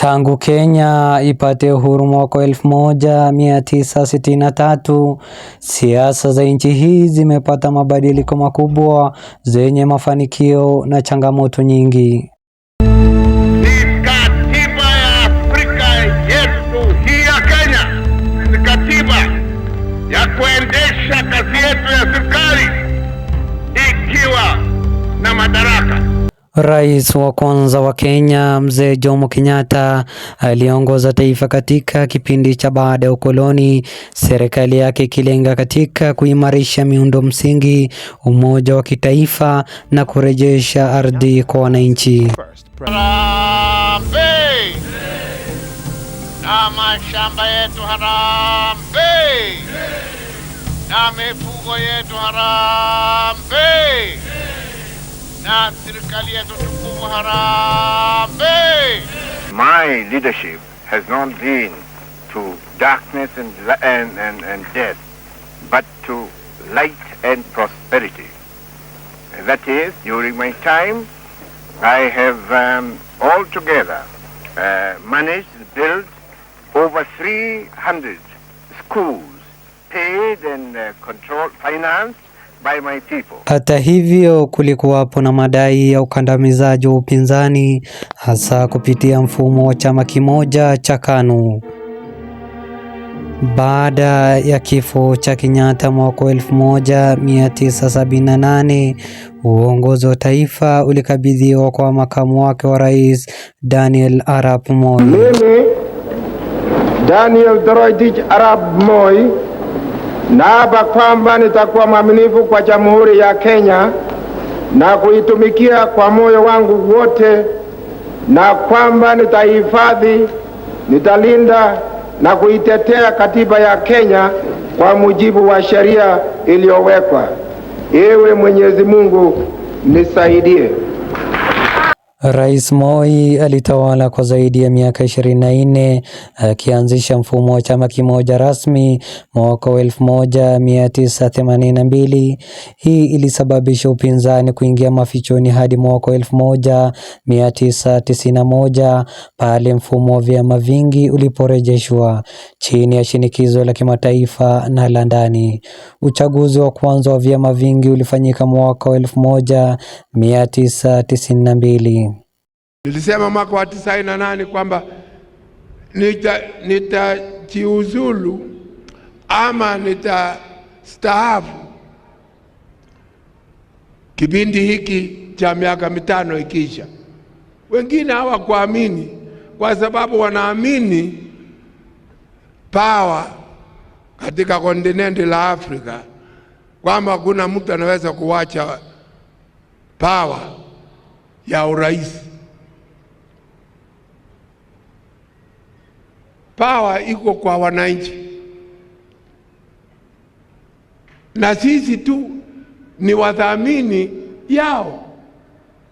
Tangu Kenya ipate uhuru mwaka 1963, siasa za nchi hii zimepata mabadiliko makubwa zenye mafanikio na changamoto nyingi. Rais wa kwanza wa Kenya Mzee Jomo Kenyatta aliongoza taifa katika kipindi cha baada ya ukoloni, serikali yake ikilenga katika kuimarisha miundo msingi, umoja wa kitaifa na kurejesha ardhi kwa wananchi. Harambee na mashamba yetu, harambee na mifugo yetu, harambee na serikali tukufu My leadership has not been to darkness and, and, and, and death, but to light and prosperity. That is, during my time, I have um, altogether uh, managed to build over 300 schools, paid and uh, controlled, financed Hata hivyo, kulikuwapo na madai ya ukandamizaji wa upinzani hasa kupitia mfumo wa chama kimoja cha KANU. Baada ya kifo cha Kenyatta mwaka 1978, uongozi wa taifa ulikabidhiwa kwa makamu wake wa rais Daniel Arap Moi. Mimi Daniel Toroitich Arap Moi Naapa kwamba nitakuwa mwaminifu kwa Jamhuri ya Kenya na kuitumikia kwa moyo wangu wote, na kwamba nitahifadhi, nitalinda na kuitetea katiba ya Kenya kwa mujibu wa sheria iliyowekwa. Ewe Mwenyezi Mungu nisaidie. Rais Moi alitawala kwa zaidi ya miaka 24 akianzisha mfumo wa chama kimoja rasmi mwaka wa mbili Hii ilisababisha upinzani kuingia mafichoni hadi mwaka wa 1991 pale mfumo wa vyama vingi uliporejeshwa chini ya shinikizo la kimataifa na la ndani. Uchaguzi wa kwanza wa vyama vingi ulifanyika mwaka wa mbili Nilisema mwaka wa tisaini na nane kwamba nitajiuzulu nita ama nitastaafu kipindi hiki cha miaka mitano ikiisha. Wengine hawakuamini kwa sababu wanaamini pawa katika kontinenti la Afrika kwamba kuna mtu anaweza kuwacha pawa ya urais power iko kwa wananchi, na sisi tu ni wadhamini yao.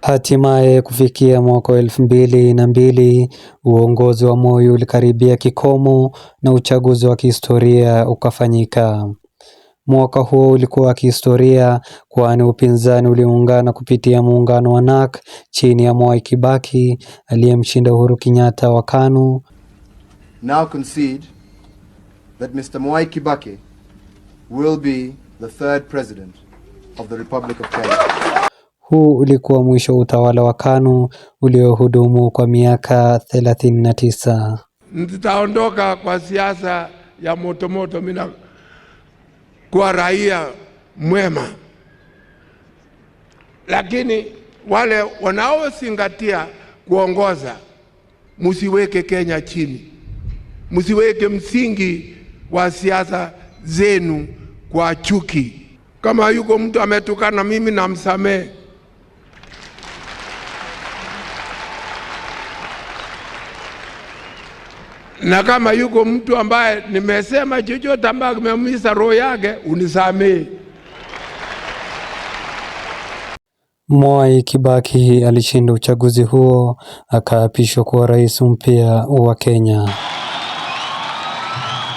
Hatimaye kufikia mwaka wa elfu mbili na mbili uongozi wa Moi ulikaribia kikomo na uchaguzi wa kihistoria ukafanyika. Mwaka huo ulikuwa wa kihistoria kwani upinzani uliungana kupitia muungano wa nak chini ya Mwai Kibaki aliyemshinda Uhuru Kenyatta wa KANU now concede that Mr. Mwai Kibaki will be the third president of the Republic of Kenya. Huu ulikuwa mwisho wa utawala wa KANU uliohudumu kwa miaka 39. Nitaondoka kwa siasa ya motomoto, mimi kuwa raia mwema, lakini wale wanaozingatia kuongoza, msiweke Kenya chini msiweke msingi wa siasa zenu kwa chuki. Kama yuko mtu ametukana mimi, namsamehe na kama yuko mtu ambaye nimesema chochote ambaye kimeumiza roho yake unisamehe. Mwai Kibaki alishinda uchaguzi huo akaapishwa kuwa rais mpya wa Kenya.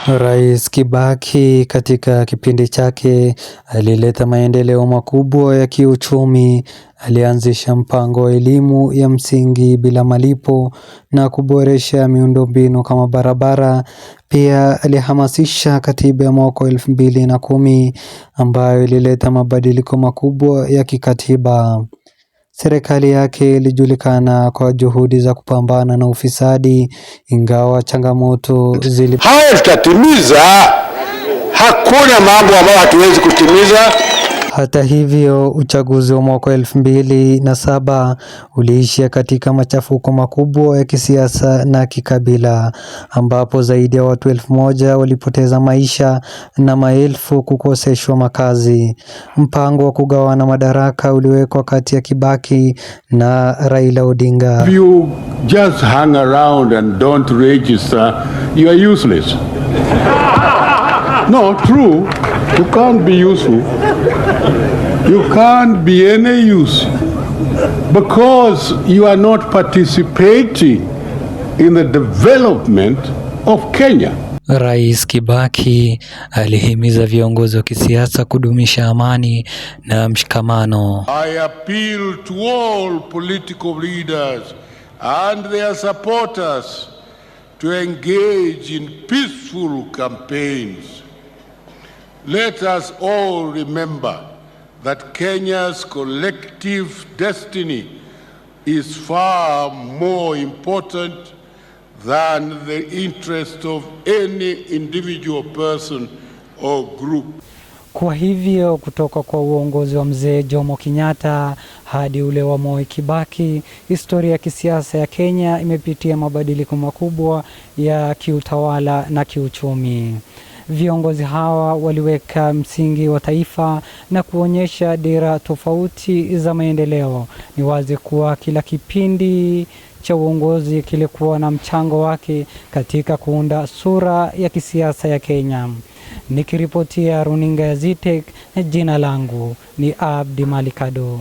Rais Kibaki katika kipindi chake alileta maendeleo makubwa ya kiuchumi. Alianzisha mpango wa elimu ya msingi bila malipo na kuboresha miundombinu kama barabara. Pia alihamasisha katiba ya mwaka elfu mbili na kumi ambayo ilileta mabadiliko makubwa ya kikatiba. Serikali yake ilijulikana kwa juhudi za kupambana na ufisadi, ingawa changamoto zili. Haya tutatimiza, hakuna mambo ambayo hatuwezi kutimiza. Hata hivyo, uchaguzi wa mwaka elfu mbili na saba uliishia katika machafuko makubwa ya kisiasa na kikabila, ambapo zaidi ya watu elfu moja walipoteza maisha na maelfu kukoseshwa makazi. Mpango wa kugawana madaraka uliwekwa kati ya Kibaki na Raila Odinga. If you just hang around and don't register, you are useless. No, true. You can't be useful. You can't be any use because you are not participating in the development of Kenya. Rais Kibaki alihimiza viongozi wa kisiasa kudumisha amani na mshikamano. I appeal to all political leaders and their supporters to engage in peaceful campaigns. Let us all remember that Kenya's collective destiny is far more important than the interest of any individual person or group. Kwa hivyo kutoka kwa uongozi wa mzee Jomo Kenyatta hadi ule wa Moi Kibaki, historia ya kisiasa ya Kenya imepitia mabadiliko makubwa ya kiutawala na kiuchumi. Viongozi hawa waliweka msingi wa taifa na kuonyesha dira tofauti za maendeleo. Ni wazi kuwa kila kipindi cha uongozi kilikuwa na mchango wake katika kuunda sura ya kisiasa ya Kenya. Nikiripotia runinga ya Zitek, jina langu ni Abdi Malikado.